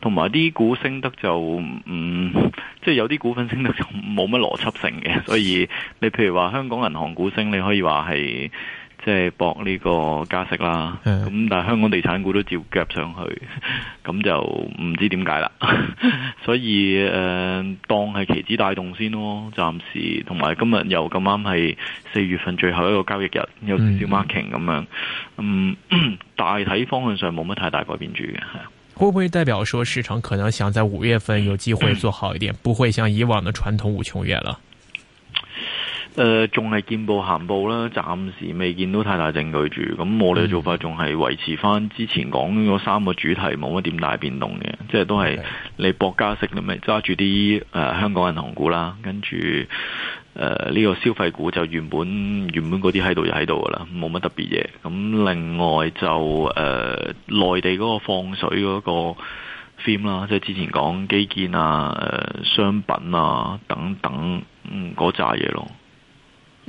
同埋啲股升得就唔，即係有啲股份升得就冇乜邏輯性嘅，所以你譬如話香港銀行股升，你可以話係即係搏呢個加息啦。咁的但係香港地產股都照夾上去，咁 就唔知點解啦。 所以誒、呃，當係期指帶動先咯，暫時。同埋今日又咁啱係四月份最後一個交易日，有少少 marking 咁樣，嗯的， 大體方向上冇乜太大改變住嘅。會唔會代表說市場可能想在五月份有機會做好一點， 不會像以往的傳統五窮月了？誒、呃，仲係見步行步啦，暫時未見到太大證據住。咁我哋嘅做法仲係維持翻之前講嗰三個主題，冇乜點大變動嘅，即係都係你博加息你咪揸住啲誒香港銀行股啦，跟住。誒，呢、呃這個消費股就原本原本嗰啲喺度就喺度㗎喇，冇乜特別嘢。咁另外就誒、呃，內地嗰個放水嗰個 theme 啦，即係之前講基建啊、呃、商品啊等等，嗯，嗰扎嘢咯。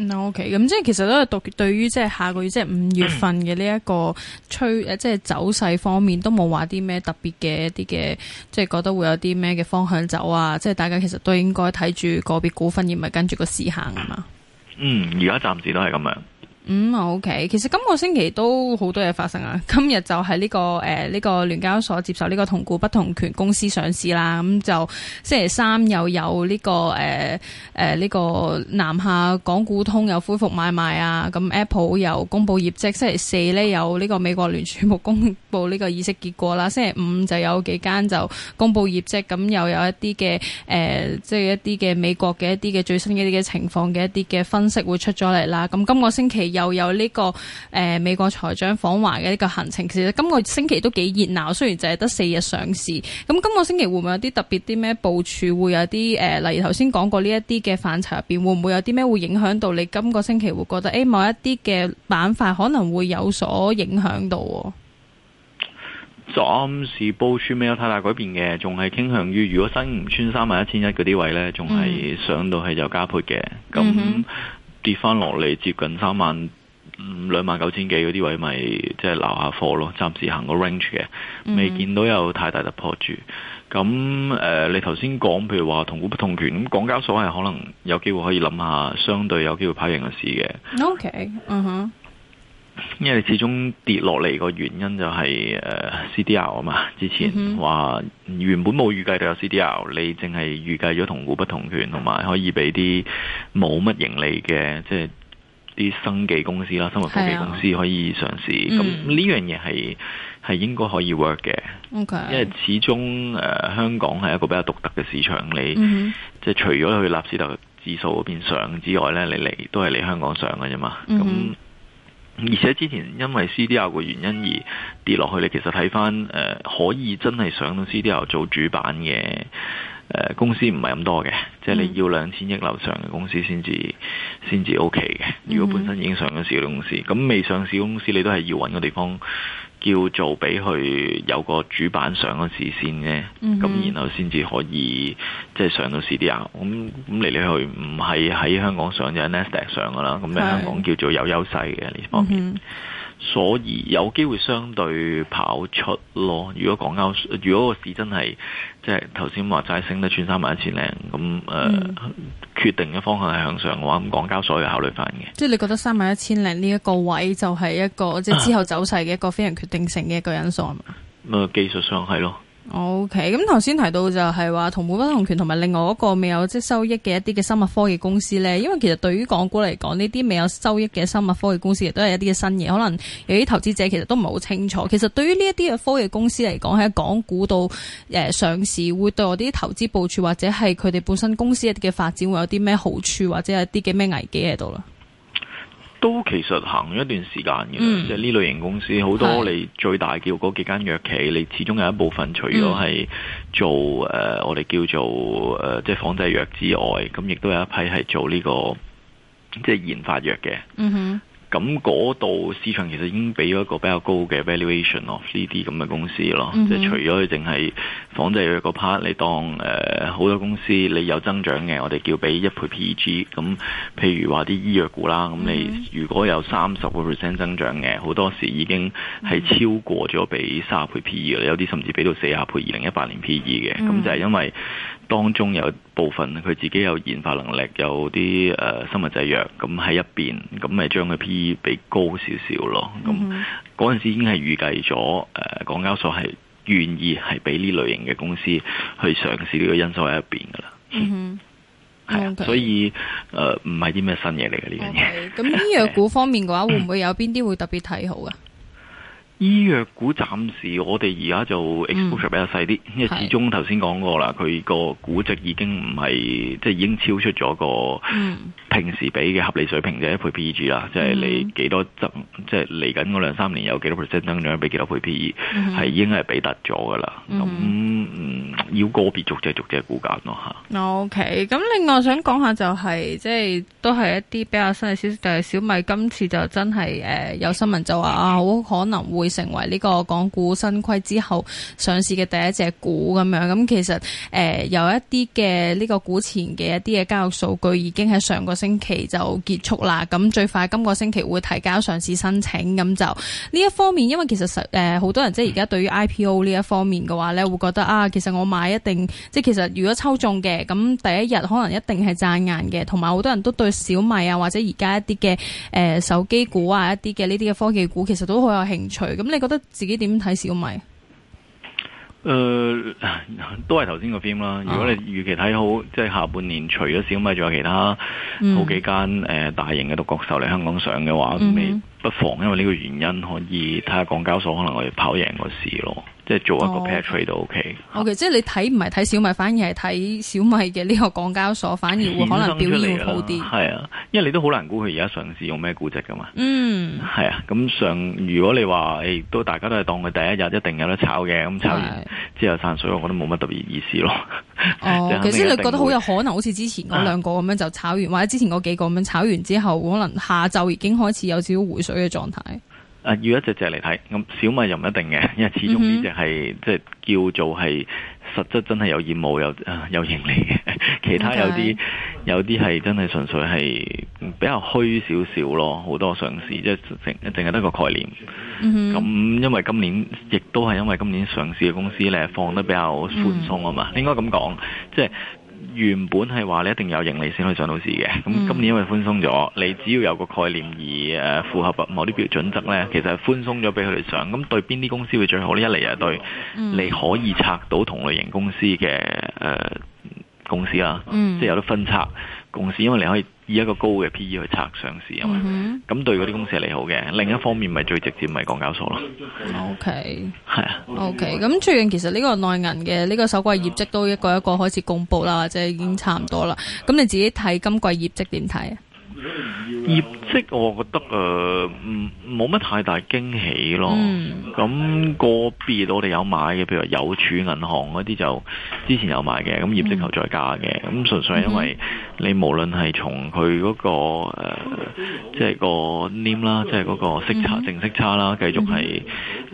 OK，咁即係其實都係讀對於即係下個月即係五月份嘅呢一個趨， 即係走勢方面都冇話啲咩特別嘅一啲嘅，即係覺得會有啲咩嘅方向走啊！即係大家其實都應該睇住個別股份，而唔係跟住個市行啊嘛 嗯，而家暫時都係咁樣。嗯，OK。其實今個星期都好多嘢發生啊。今日就係呢、這個誒呢、呃這個聯交所接受呢個同股不同權公司上市啦。咁、嗯、就星期三又有呢、這個誒誒呢個南下港股通又恢復買賣啊。咁、嗯、Apple 又公布業績。星期四咧有呢個美國聯儲局公布呢個議息結果啦。星期五就有幾間就公布業績。咁、嗯、又有一啲嘅誒即係一啲嘅美國嘅一啲嘅最新一啲嘅情況嘅一啲嘅分析會出咗嚟啦。咁、嗯、今個星期。又有呢、這個誒、呃、美國財長訪華嘅呢個行程，其實今個星期都幾熱鬧。雖然淨係得四日上市，咁今個星期會唔會有啲特別啲咩部署？會有啲誒、呃，例如頭先講過呢一啲嘅範疇入邊，會唔會有啲咩會影響到你今個星期會覺得誒、欸，某一啲嘅板塊可能會有所影響到。暫時部署未有太大改變嘅，仲係傾向於如果新唔穿三萬一千一嗰啲位呢，仲係上到去有加倍嘅。咁。嗯跌翻落嚟接近三萬兩萬九千幾嗰啲位，咪即係撈下貨咯。暫時行個 range 嘅，未見到有太大突破住。咁誒、mm hmm. 呃，你頭先講譬如話同股不同權，咁港交所係可能有機會可以諗下，相對有機會跑贏個市嘅。Okay 嗯哼。Hmm. 因為始終跌落嚟個原因就係、是、誒、uh, C D R 啊嘛，之前話原本冇預計到有,有 C D R，你淨係預計咗同股不同權，同埋可以俾啲冇乜盈利嘅，即係啲生技公司啦，生物科技公司可以嘗試。咁呢、啊嗯、樣嘢係係應該可以 work 嘅，嗯、okay, 因為始終誒、uh, 香港係一個比較獨特嘅市場，你即係、嗯、除咗去納斯特指數嗰邊上之外咧，你嚟都係嚟香港上嘅啫嘛，咁、嗯。而且之前因為 CDR 嘅原因而跌落去，你其實睇翻，誒可以真係上到 CDR 做主板嘅誒、呃、公司唔係咁多嘅，即係你要兩千億樓上嘅公司先至先至 OK 嘅。如果本身已經上咗市嘅公司，咁、mm hmm. 未上市公司你都係要揾個地方。叫做俾佢有個主板上嗰時先咧，咁、mm hmm. 然後先至可以即係上到 CDR。咁咁嚟嚟去去唔係喺香港上，mm hmm. 就係 Nasdaq 上噶啦。咁喺香港叫做有優勢嘅呢、mm hmm. 方面。所以有機會相對跑出咯。如果港交，如果個市真係即係頭先話齋升得穿三萬一千零咁，誒、呃嗯、決定嘅方向係向上嘅話，咁港交所會考慮翻嘅。即係你覺得三萬一千零呢一個位就係一個即係、就是、之後走勢嘅一個、啊、非常決定性嘅一個因素係咪？誒、嗯、技術上係咯。OK，咁頭先提到就係話同股不同權同埋另外一個未有即收益嘅一啲嘅生物科技公司呢。因為其實對於港股嚟講，呢啲未有收益嘅生物科技公司亦都係一啲嘅新嘢，可能有啲投資者其實都唔係好清楚。其實對於呢一啲嘅科技公司嚟講，喺港股度誒、呃、上市會對我啲投資部署或者係佢哋本身公司一啲嘅發展會有啲咩好處，或者係啲嘅咩危機喺度啦？都其實行咗一段時間嘅，嗯、即係呢類型公司好多，你最大叫嗰幾間藥企，你始終有一部分除咗係做誒、嗯呃、我哋叫做誒、呃、即係仿製藥之外，咁亦都有一批係做呢、呢個即係研發藥嘅。嗯哼咁嗰度市場其實已經俾咗一個比較高嘅 valuation 咯，呢啲咁嘅公司咯，嗯、哼即係除咗佢淨係仿製一個 part，你當誒好、呃、多公司你有增長嘅，我哋叫俾一倍 PEG。咁譬如話啲醫藥股啦，咁你如果有三十個 percent 增長嘅，好多時已經係超過咗俾三十倍 PE 啦，有啲甚至俾到四十倍二零一八年 PE 嘅，咁、嗯、就係因為。當中有部分佢自己有研發能力，有啲誒、呃、生物製藥咁喺一邊，咁咪將佢 P E 比高少少咯。咁嗰陣時已經係預計咗誒、呃、港交所係願意係俾呢類型嘅公司去上市，呢個因素喺一邊噶啦。嗯，嗯、okay. 係啊，所以誒唔係啲咩新嘢嚟嘅呢樣嘢。咁醫藥股方面嘅話， 會唔會有邊啲會特別睇好啊？嗯醫藥股暫時我哋而家就 exposure 比較細啲，嗯、因為始終頭先講過啦，佢個估值已經唔係，即係已經超出咗個。嗯平時俾嘅合理水平就係一倍 P/E 啦，即係你幾多增，嗯、即係嚟緊嗰兩三年有幾多 percent 增長，俾幾多倍 P/E，係已經係俾得咗噶啦。咁嗯，嗯，要個別逐隻逐隻估價咯吓 O.K. 咁另外想講下就係、是、即係都係一啲比較新嘅消息，就係、是、小米今次就真係誒、呃、有新聞就話啊，好可能會成為呢個港股新規之後上市嘅第一隻股咁樣。咁、嗯、其實誒、呃、有一啲嘅呢個股前嘅一啲嘅交易數據已經喺上個星期就結束啦，咁最快今個星期會提交上市申請，咁就呢一方面，因為其實實誒好多人即係而家對於 IPO 呢一方面嘅話呢會覺得啊，其實我買一定即係其實如果抽中嘅，咁第一日可能一定係賺硬嘅，同埋好多人都對小米啊或者而家一啲嘅誒手機股啊一啲嘅呢啲嘅科技股其實都好有興趣，咁你覺得自己點睇小米？誒、呃、都係頭先個 film 啦。如果你預期睇好，即係下半年除咗小米，仲有其他好幾間誒、嗯呃、大型嘅獨角獸嚟香港上嘅話，咁你、嗯。不妨，因為呢個原因，可以睇下港交所可能我哋跑贏個市咯，即係做一個 pet trade 都 OK。OK，、啊、即係你睇唔係睇小米，反而係睇小米嘅呢個港交所，反而會可能表現會好啲。係啊，因為你都好難估佢而家嘗試用咩估值噶嘛。嗯。係啊，咁上如果你話亦、欸、都大家都係當佢第一日一定有得炒嘅，咁炒完之後散水，是我覺得冇乜特別意思咯。哦，其實 你，你覺得好有可能好似之前嗰兩個咁樣就炒完，啊、或者之前嗰幾個咁樣炒完之後，可能下晝已經開始有少少回嘅狀態，啊，要一隻隻嚟睇，咁小米又唔一定嘅，因為始終呢隻係即係叫做係實質真係有業務，又啊有盈利嘅，其他有啲、mm hmm. 有啲係真係純粹係比較虛少少咯，好多上市即係淨淨係得個概念。咁、mm hmm. 嗯、因為今年亦都係因為今年上市嘅公司咧放得比較寬鬆啊嘛，mm hmm. 應該咁講，即係。原本係話你一定有盈利先可以上到市嘅，咁今年因為寬鬆咗，你只要有個概念而誒、呃、符合某啲標準則呢，其實係寬鬆咗俾佢哋上。咁對邊啲公司會最好呢？一嚟就係對你可以拆到同類型公司嘅誒、呃、公司啦，嗯、即係有得分拆公司，因為你可以。以一個高嘅 P/E 去拆上市啊嘛，咁、mm hmm. 對嗰啲公司係利好嘅。另一方面，咪最直接咪港交所咯。O.K. 係 啊。O.K. 咁最近其實呢個內銀嘅呢個首季業績都一個一個開始公布啦，或者已經差唔多啦。咁你自己睇今季業績點睇啊？業績我覺得誒，冇、呃、乜太大驚喜咯。咁、嗯、個別我哋有買嘅，譬如話有儲銀行嗰啲就之前有買嘅，咁業績後再加嘅。咁純、嗯、粹係因為你無論係從佢嗰個誒，即、呃、係、就是、個黏啦，即係嗰個息差、嗯、正息差啦，繼續係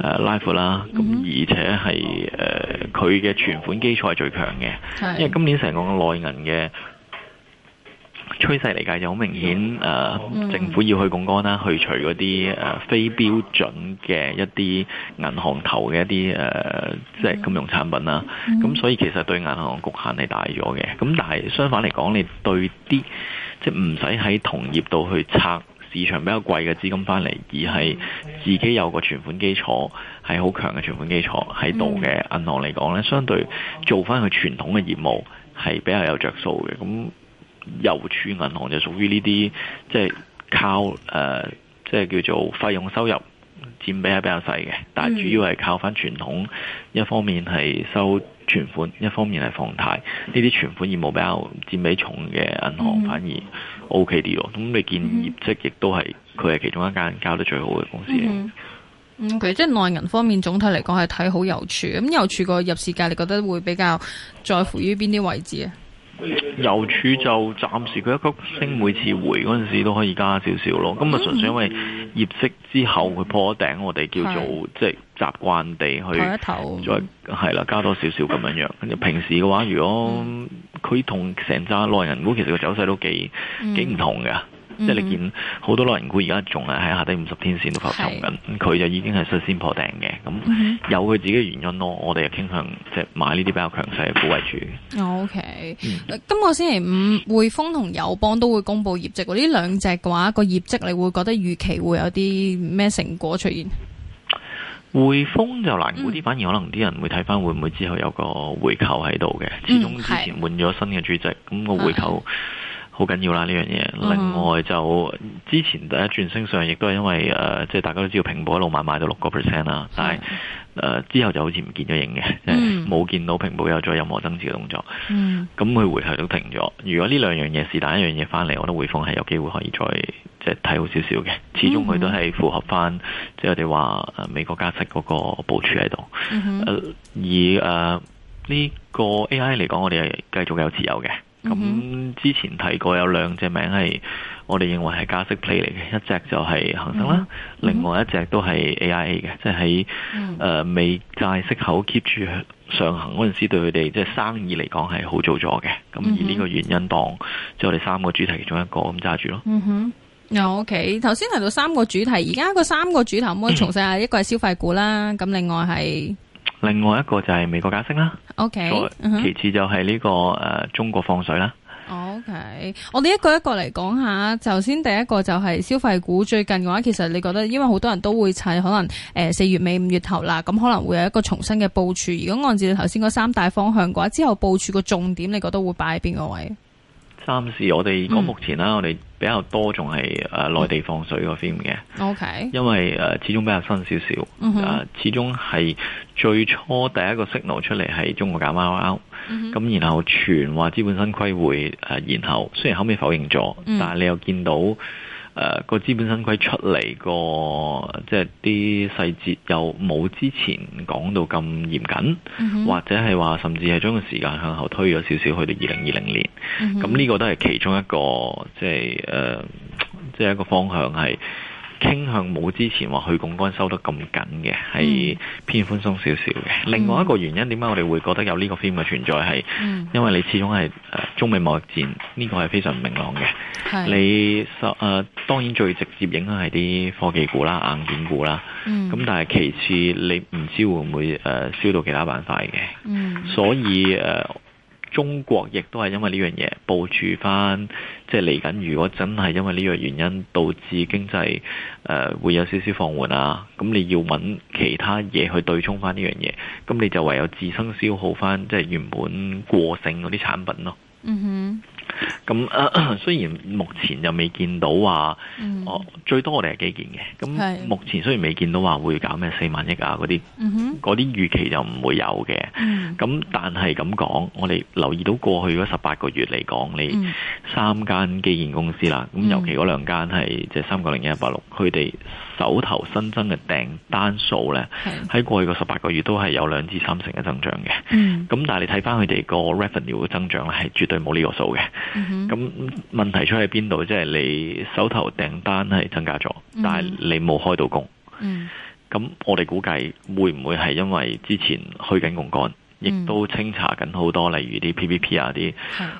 誒拉闊啦。咁、嗯、而且係誒佢嘅存款基礎係最強嘅，的因為今年成個內銀嘅。趨勢嚟㗎，就好明顯。誒、呃，政府要去槓桿啦，去除嗰啲誒非標準嘅一啲銀行投嘅一啲誒、呃，即係金融產品啦。咁、嗯、所以其實對銀行局限係大咗嘅。咁但係相反嚟講，你對啲即係唔使喺同業度去拆市場比較貴嘅資金翻嚟，而係自己有個存款基礎，係好強嘅存款基礎喺度嘅銀行嚟講呢，相對做翻佢傳統嘅業務，係比較有着數嘅。咁郵儲銀行就屬於呢啲，即係靠誒、呃，即係叫做費用收入佔比係比較細嘅，但係主要係靠翻傳統，一方面係收存款，一方面係放貸，呢啲存款業務比較佔比重嘅銀行反而 OK 啲咯。咁你見業績亦都係佢係其中一間交得最好嘅公司嗯。嗯，其實即係內銀方面，總體嚟講係睇好郵儲。咁郵儲個入市價，你覺得會比較在乎於邊啲位置啊？郵儲就暫時佢一曲升，每次回嗰陣時都可以加少少咯。咁啊，純粹因為業績之後佢破咗頂，我哋叫做是即係習慣地去再係啦，加多少少咁樣樣。跟住平時嘅話，如果佢同成揸內銀股，其實個走勢都幾、嗯、幾唔同嘅。即係你見好多老人股而家仲係喺下低五十天線度浮籌緊，佢是就已經係率先破頂嘅。咁有佢自己嘅原因咯。 我哋又傾向即係買呢啲比較強勢嘅股為主。O K。今個星期五，匯豐同友邦都會公布業績。呢兩隻嘅話，個業績你會覺得預期會有啲咩成果出現？匯豐 就難估啲，反而可能啲人會睇翻會唔會之後有個回購喺度嘅。始終之前換咗新嘅主席，咁個回購。是 好緊要啦呢樣嘢，另外就之前第一轉升上，亦都係因為誒，即係大家都知道，平保一路買買到六個 percent 啦，但係誒之後就好似唔見咗影嘅，冇見到平保有咗任何增持嘅動作。咁佢回頭都停咗。如果呢兩樣嘢是但一樣嘢翻嚟，我覺得匯豐係有機會可以再即係睇好少少嘅。始終佢都係符合翻，即係我哋話美國加息嗰個部署喺度。而誒呢個 A I 嚟講，我哋係繼續有持有嘅。咁、嗯、之前提過有兩隻名係我哋認為係加息 play 嚟嘅，一隻就係恒生啦，嗯、哼另外一隻都係 AIA 嘅，即係誒美債息口 keep 住上行嗰陣時對，對佢哋即係生意嚟講係好做咗嘅。咁而呢個原因當即我哋三個主題其中一個咁揸住咯。嗯哼，有 OK。頭先提到三個主題，而家嗰三個主題以從細係一個係消費股啦，咁另外係。另外一個就係美國加息啦。OK，、uh huh. 其次就係呢、這個誒、呃、中國放水啦。OK，我哋一個一個嚟講下。首先第一個就係消費股最近嘅話，其實你覺得因為好多人都會砌，可能誒四月尾五月頭啦，咁可能會有一個重新嘅部署。如果按照你頭先嗰三大方向嘅話，之後部署個重點你覺得會擺喺邊個位？暫時我哋講目前啦，我哋、嗯。比較多仲係誒內地放水個 film 嘅，Okay. 因為誒、呃、始終比較新少少，誒、mm hmm. 呃、始終係最初第一個 signal 出嚟係中國搞貓貓，咁、mm hmm. 嗯、然後傳話資本新規會誒延、呃、後，雖然後尾否認咗，但係你又見到。Mm hmm. 誒個資本新規出嚟個，即係啲細節又冇之前講到咁嚴謹，mm hmm. 或者係話甚至係將個時間向後推咗少少去到二零二零年，咁呢、mm hmm. 個都係其中一個，即係誒，即、呃、係、即係、一個方向係。傾向冇之前話去槓桿收得咁緊嘅，係、嗯、偏寬鬆少少嘅。另外一個原因點解我哋會覺得有呢個 theme 嘅存在係，嗯、因為你始終係誒、呃、中美貿易戰呢、呢個係非常明朗嘅。是你收、呃、當然最直接影響係啲科技股啦、硬件股啦。咁、嗯、但係其次你唔知會唔會誒、呃、燒到其他板塊嘅。嗯、所以誒。呃中國亦都係因為呢樣嘢部署翻，即係嚟緊。如果真係因為呢樣原因導致經濟誒、呃、會有少少放緩啊，咁你要揾其他嘢去對沖翻呢樣嘢，咁你就唯有自身消耗翻，即係原本過剩嗰啲產品咯。嗯哼、mm。Hmm. 咁、嗯、雖然目前又未見到話，我、哦、最多我哋係基建嘅，咁目前雖然未見到話會搞咩四萬億啊嗰啲，嗰啲預期就唔會有嘅。咁但係咁講，我哋留意到過去嗰十八個月嚟講，你三間基建公司啦，咁尤其嗰兩間係即係三九零一八六，佢哋。手頭新增嘅訂單數咧，喺對過去個十八個月都係有兩至三成嘅增長嘅。咁、嗯、但係你睇返佢哋個 revenue 嘅增長咧，係絕對冇呢個數嘅。咁、嗯、哼問題出喺邊度？即、就、係、是、你手頭訂單係增加咗，但係你冇開到工。咁、嗯、我哋估計會唔會係因為之前去緊槓桿，亦、嗯、都清查緊好多，例如啲 PPP 啊啲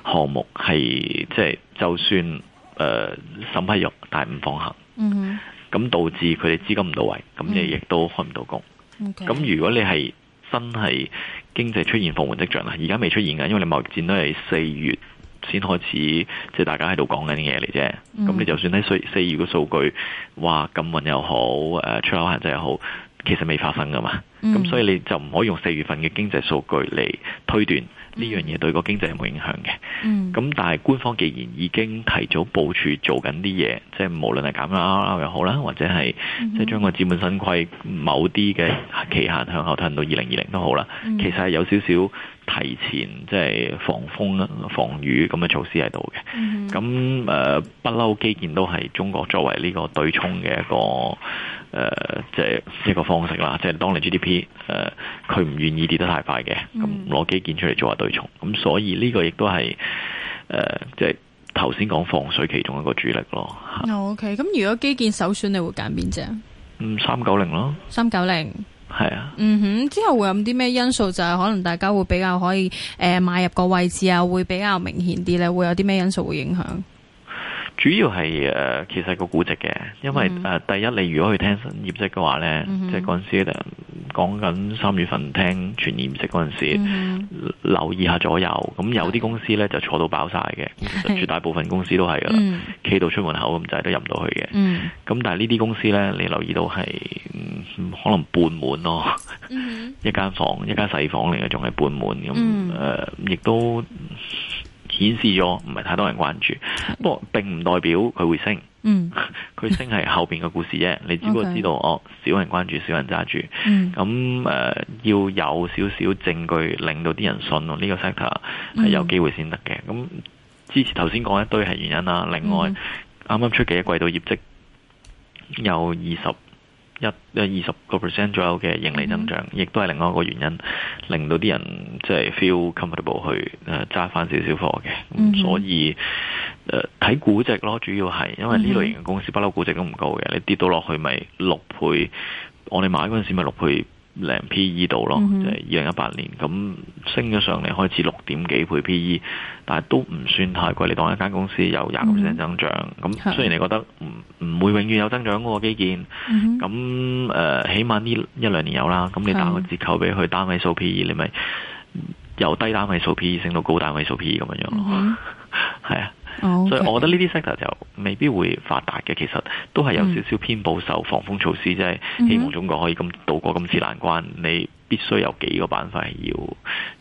項目係是、嗯、即係就算誒、呃、審批肉，但係唔放行。嗯咁導致佢哋資金唔到位，咁你亦都開唔到工。咁 Okay. 如果你係真係經濟出現放緩跡象啦，而家未出現嘅，因為你貿易戰都係四月先開始，即係大家喺度講緊啲嘢嚟啫。咁你就算喺四月嘅數據，哇，禁運又好，誒出口限制又好。其實未發生噶嘛，咁、嗯、所以你就唔可以用四月份嘅經濟數據嚟推斷呢、嗯、樣嘢對個經濟有冇影響嘅。咁、嗯、但係官方既然已經提早部署做緊啲嘢，即係無論係減壓 RR 又好啦，或者係即係將個資本新規某啲嘅期限向後推到二零二零都好啦，其實係有少少。提前即係防風防雨咁嘅措施喺度嘅，咁誒不嬲基建都係中國作為呢個對沖嘅一個誒，即、呃、係、就是、一個方式啦，即係當你 GDP 誒、呃、佢唔願意跌得太快嘅，咁攞、mm hmm. 基建出嚟做下對沖，咁所以呢個亦都係誒即係頭先講防水其中一個主力咯。OK，咁如果基建首選，你會揀邊隻？嗯，三九零咯。三九零。係啊，嗯哼，之後會有啲咩因素就係、是、可能大家會比較可以誒、呃、買入個位置啊，會比較明顯啲咧，會有啲咩因素會影響？主要係誒，其實個估值嘅，因為誒、mm hmm. 呃，第一你如果去聽業績嘅話咧，mm hmm. 即係嗰陣時講緊三月份聽全年業績嗰陣時，mm hmm. 留意下左右，咁有啲公司咧就坐到飽晒嘅，其實絕大部分公司都係噶啦，企、 mm hmm. 到出門口咁滯都入唔到去嘅。咁、mm hmm. 但係呢啲公司咧，你留意到係、嗯、可能半滿咯，mm hmm. 一間房、一間房、一間細房嚟嘅，仲係半滿咁誒，亦都、mm。Mm mm 顯示咗唔係太多人關注，不過並唔代表佢會升。嗯，佢 升係後邊嘅故事啫。你只不過知道 Okay. 哦，少人關注，少人揸住。咁誒、嗯呃、要有少少證據令到啲人信咯。呢、這個 sector 係、呃嗯、有機會先得嘅。咁之前頭先講一堆係原因啦。另外，啱啱、嗯、出嘅一季度業績有二十。一誒二十個 percent 左右嘅盈利增長，mm hmm. 亦都係另外一個原因，令到啲人即係、就是、feel comfortable 去誒揸翻少少貨嘅。Mm hmm. 所以誒睇、呃、估值咯，主要係因為呢類型嘅公司不嬲估值都唔高嘅，你跌到落去咪六倍，我哋買嗰陣時咪六倍。零 P E 度咯，即係二零一八年咁升咗上嚟，開始六點幾倍 P E，但係都唔算太貴。你當一間公司有廿個 percent 增長，咁雖然你覺得唔唔會永遠有增長嘅基建，咁誒、呃、起碼呢一,一兩年有啦。咁你打個折扣俾佢單位數 P E，你咪由低單位數 P E 升到高單位數 P E 咁樣樣咯，係、嗯、哼 啊。所以，so, Okay. 我覺得呢啲 sector 就未必會發達嘅。其實都係有少少偏保守、防風措施，mm hmm. 即係希望中國可以咁渡過今次難關。你。必須有幾個板塊要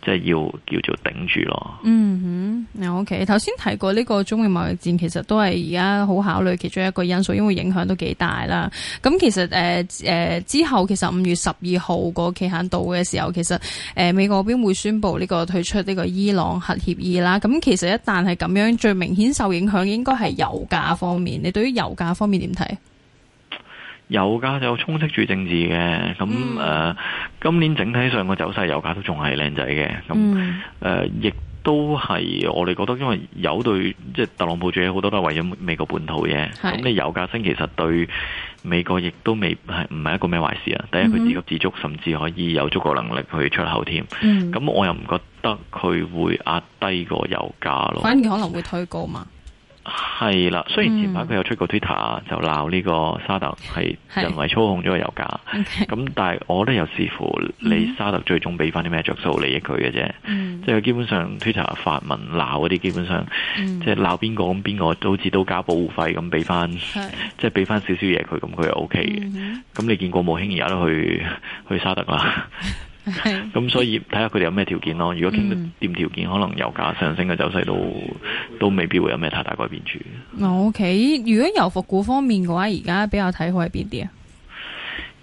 即係要叫做頂住咯。嗯哼，OK，頭先提過呢個中美貿易戰，其實都係而家好考慮其中一個因素，因為影響都幾大啦。咁其實誒誒、呃、之後，其實五月十二號個期限到嘅時候，其實誒美國邊會宣布呢個退出呢個伊朗核協議啦。咁其實一旦係咁樣，最明顯受影響應該係油價方面。你對於油價方面點睇？油價就充斥住政治嘅，咁誒、嗯呃，今年整體上個走勢油價都仲係靚仔嘅，咁誒、嗯呃，亦都係我哋覺得，因為有對即係特朗普做嘢好多都係為咗美國本土嘢，咁你是油價升其實對美國亦都未係唔係一個咩壞事啊？第一佢自給自足，甚至可以有足夠能力去出口添。咁、嗯嗯、我又唔覺得佢會壓低個油價咯。反而可能會推高嘛。係啦，雖然前排佢有出過 Twitter 就鬧呢個沙特係人為操控咗個油價，咁、okay, 但係我覺得又視乎你沙特最終俾翻啲咩着數利益佢嘅啫，即係、嗯、基本上 Twitter 發文鬧嗰啲，基本上即係鬧邊個咁邊個，嗯、好似都交保護費咁俾翻，即係俾翻少少嘢佢，咁佢又 OK 嘅。咁、嗯、你見過冇？興而家都去去沙特啦。嗯 係，咁 所以睇下佢哋有咩條件咯。如果傾到掂條件，嗯、可能油價上升嘅走勢都都未必會有咩太大改變住。O、okay. K，如果油服股方面嘅話，而家比較睇好係邊啲啊？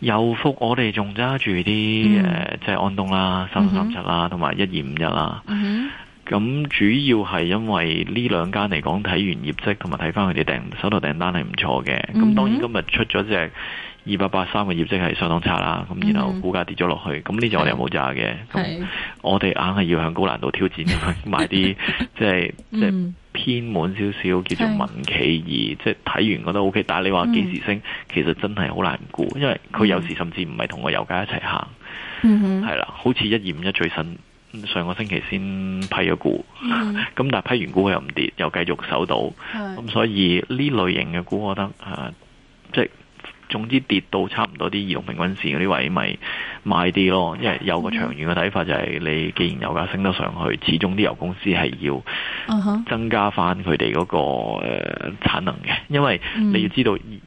油服我哋仲揸住啲誒，即係、嗯呃就是、安東啦、三三三七啦，同埋一二五一啦。嗯.咁主要係因為呢兩間嚟講，睇完業績同埋睇翻佢哋訂手頭訂單係唔錯嘅。咁、mm hmm. 當然今日出咗隻二百八三嘅業績係相當差啦。咁、mm hmm. 然後股價跌咗落去，咁呢隻我哋又冇揸嘅。咁的我哋硬係要向高難度挑戰，買啲即係即係偏滿少少叫做民企二。即係睇完覺得 O、OK, K，但係你話幾時升，其實真係好難估，因為佢有時甚至唔係同個油價一齊行。係、hmm. 啦，好似一二五一最新。 上個星期先批咗股，咁、mm hmm. 但係批完股佢又唔跌，又繼續守到，咁、mm hmm. 所以呢類型嘅股，我覺得、啊、即係總之跌到差唔多啲移動平均線嗰啲位咪賣啲咯，因為有個長遠嘅睇法就係，你既然油價升得上去，始終啲油公司係要增加翻佢哋嗰個誒、呃、產能嘅，因為你要知道。Mm hmm.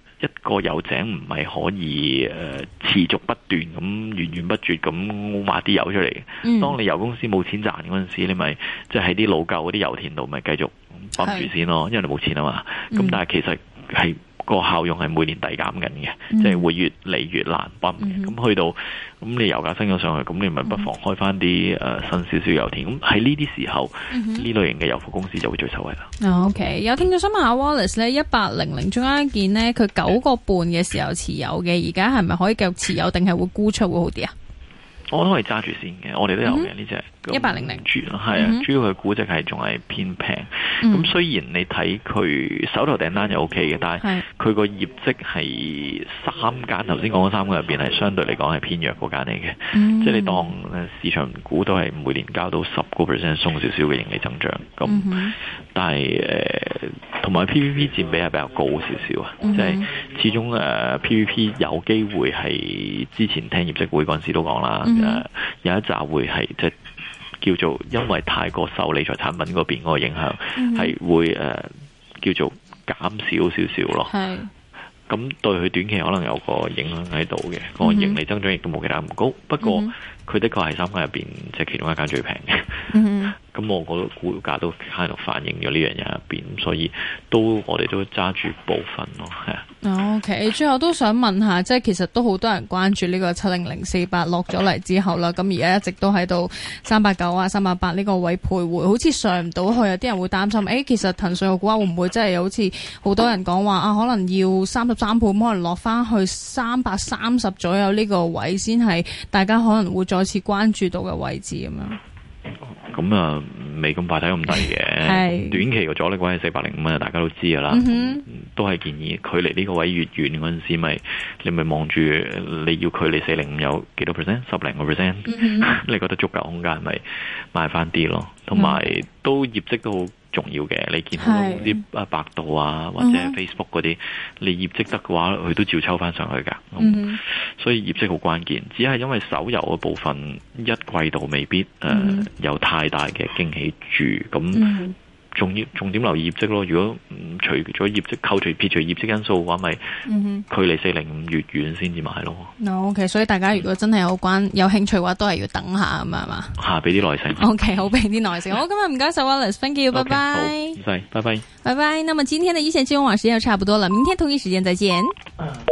個油井唔係可以誒、持續不斷咁源源不絕咁挖啲油出嚟。嗯、當你油公司冇錢賺嗰陣時，你咪即係喺啲老舊嗰啲油田度咪繼續泵住先咯，是因為你冇錢啊嘛。咁、嗯、但係其實係。個效用係每年遞減緊嘅，即係會越嚟越難搵。咁、mm hmm. 去到咁你油價升咗上去，咁你咪不妨開翻啲誒新少少油田。咁喺呢啲時候，呢、mm hmm. 類型嘅油服公司就會最受惠啦。O K，有聽眾想問下 Wallace 呢，00, 一八零零中交建呢，佢九個半嘅時候持有嘅，而家係咪可以繼續持有，定係會沽出會好啲啊？我都可以揸住先嘅，我哋都有嘅呢隻一八零零，係啊、mm hmm.，主要佢估值係仲係偏平。咁、mm hmm. 雖然你睇佢手頭訂單又 OK 嘅，但係佢個業績係三間頭先講嗰三間入邊係相對嚟講係偏弱嗰間嚟嘅，mm hmm. 即係你當市場估到係每年交到十個 percent 鬆少少嘅盈利增長，咁、mm hmm. 但係誒，同、呃、埋 PVP 佔比係比較高少少啊，即係、mm hmm. 始終誒、呃、PVP 有機會係之前聽業績會嗰陣時都講啦，誒、mm hmm. 呃、有一集會係即係。就是叫做因為太過受理財產品嗰邊個影響，係會誒叫做減少少少，少咯。係咁、mm hmm. 對佢短期可能有個影響喺度嘅，個盈利增長亦都冇其他咁高。不過佢的確係三間入邊即係其中一間最平嘅。Mm hmm. 咁我個股價都喺度反映咗呢樣嘢入邊，所以都我哋都揸住部分咯。係啊。Oh, OK，最後都想問下，即係其實都好多人關注呢個七零零四八落咗嚟之後啦。咁而家一直都喺度三八九啊、三八八呢個位徘徊，好似上唔到去，有啲人會擔心。誒、欸，其實騰訊嘅股價會唔會真係、就是、好似好多人講話啊？可能要三十三倍，可能落翻去三百三十左右呢個位先係大家可能會再次關注到嘅位置咁樣。咁啊，未咁快睇咁低嘅， 是短期嘅阻力位係四百零五啊，大家都知噶啦，mm hmm. 都係建議距離呢個位越遠陣時咪你咪望住你要距離四零五有幾多 percent，十零個 percent，mm hmm. 你覺得足夠空間係咪買翻啲咯？同埋都業績都好。重要嘅，你見到啲啊百度啊或者 Facebook 嗰啲，Okay. 你業績得嘅話，佢都照抽翻上去噶。Mm hmm. 所以業績好關鍵，只係因為手遊嘅部分一季度未必誒、呃 mm hmm. 有太大嘅驚喜住咁。重要重點留意業績咯，如果除咗業績扣除撇除業績因素嘅話，咪、mm hmm. 距離四零五越遠先至買咯。嗱 OK，所以大家如果真係有關、mm hmm. 有興趣嘅話，都係要等下咁啊嘛。嚇，俾啲耐性。OK，好俾啲耐性。 哦、好，今日唔該晒 Wallace，Thank you，拜拜。唔該，拜拜。拜拜。那麼今天的一線金融網時間就差不多了，明天同一時間再見。